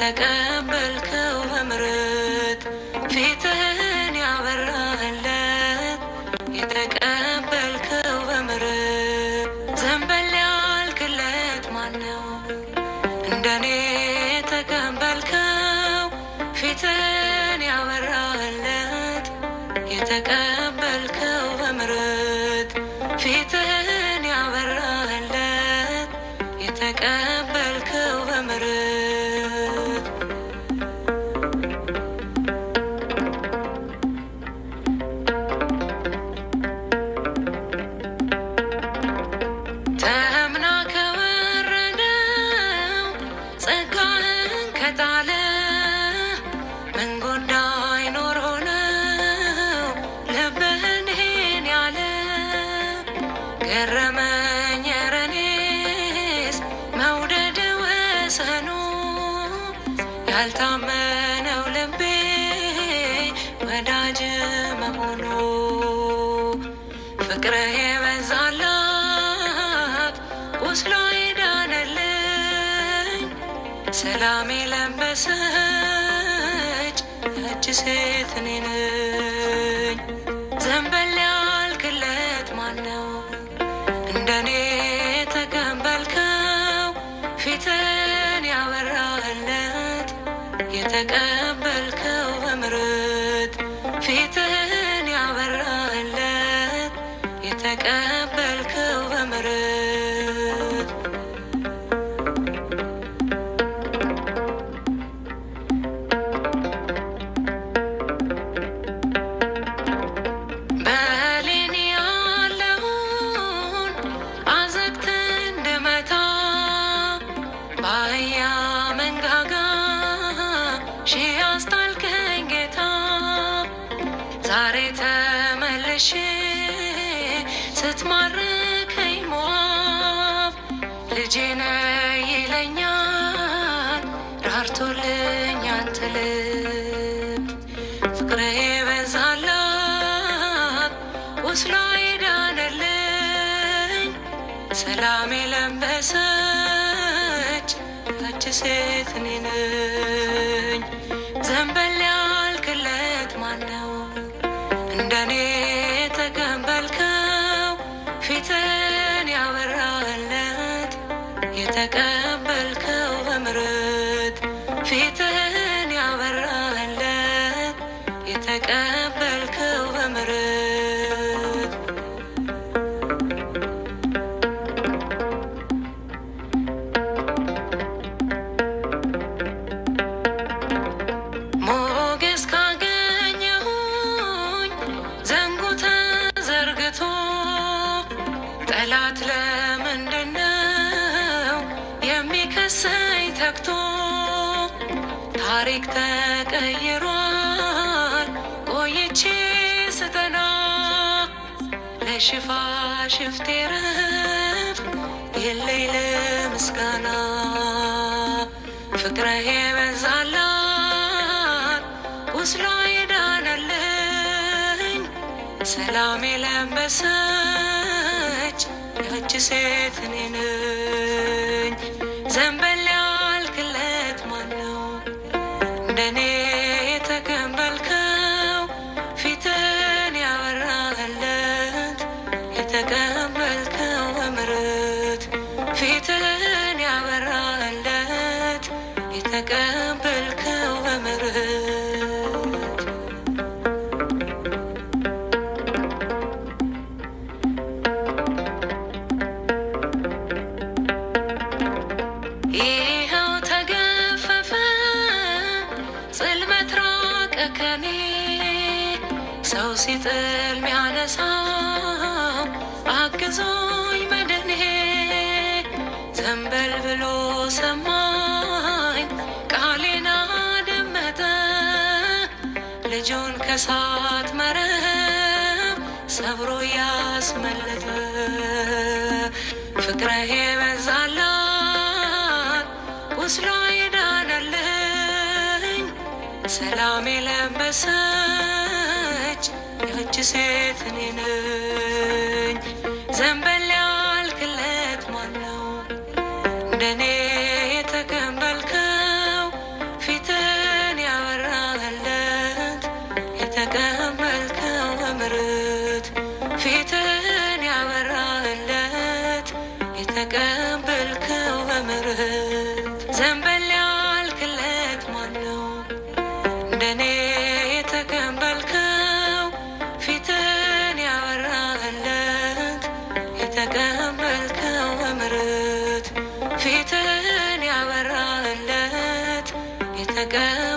የተቀበልከው በምረት ፊትህን ያበራህለት የተቀበልከው በምረት ዘንበል ያልክለት ማነው? እንደኔ የተቀበልከው ፊትህን ያበራህለት የተቀበልከው በምረት ፊትህ ያልታመነው ልቤ ወዳጅ መሆኑ ፍቅርህ የበዛላት ቁስሎ ዳነልኝ ሰላም የለበሰች ያች ሴት እኔ ነኝ ዘንበል የተቀበልከው በምሕረት ፊትህን ያበራለት የተቀበልከው ሺ ያስታልከኝ ጌታ ዛሬ ተመልሼ ስትማርከኝ ሞአብ ልጄ ነህ ይለኛል ራርቶልኝ አንተ ልብ ፍቅርህ የበዛላት ወስሎ የዳነልኝ ሰላም የለበሰ ታች ሴት እኔ ነኝ። ዘንበል ያልክለት ማነው እንደኔ ታሪክ ተቀይሯል። ቆይቼ ስጠና ለሽፋ ሽፍቴ ረፍት የለይ ለምስጋና ፍቅረህ የበዛላት ቁስሎ የዳነልኝ ሰላም የለበሰች ያች ሴት እኔ ነኝ። ተቀበልከ ምርት ፊትን ያበራለት የተቀበልከው በምርት ይኸው ተገፈፈ ጽልመት ራቀ ከኔ ሰው ሲጥል ሚያነሳ አግዞኝ መድኔ ዘንበል ብሎ ሰማኝ፣ ቃሌና ደመጠ ልጁን ከሳት መረብ ሰብሮ ያስመለጠ ፍቅረህ የበዛላት ቁስላ የዳነልኝ ሰላም የለበሰች ያች ሴት እኔ ነኝ። ዘንበል ያልክለት ማነው? እንደኔ የተቀበልከው ፊትን ያበራለት የተቀበልከው ምርት ፊትን ያበራለት የተቀ like a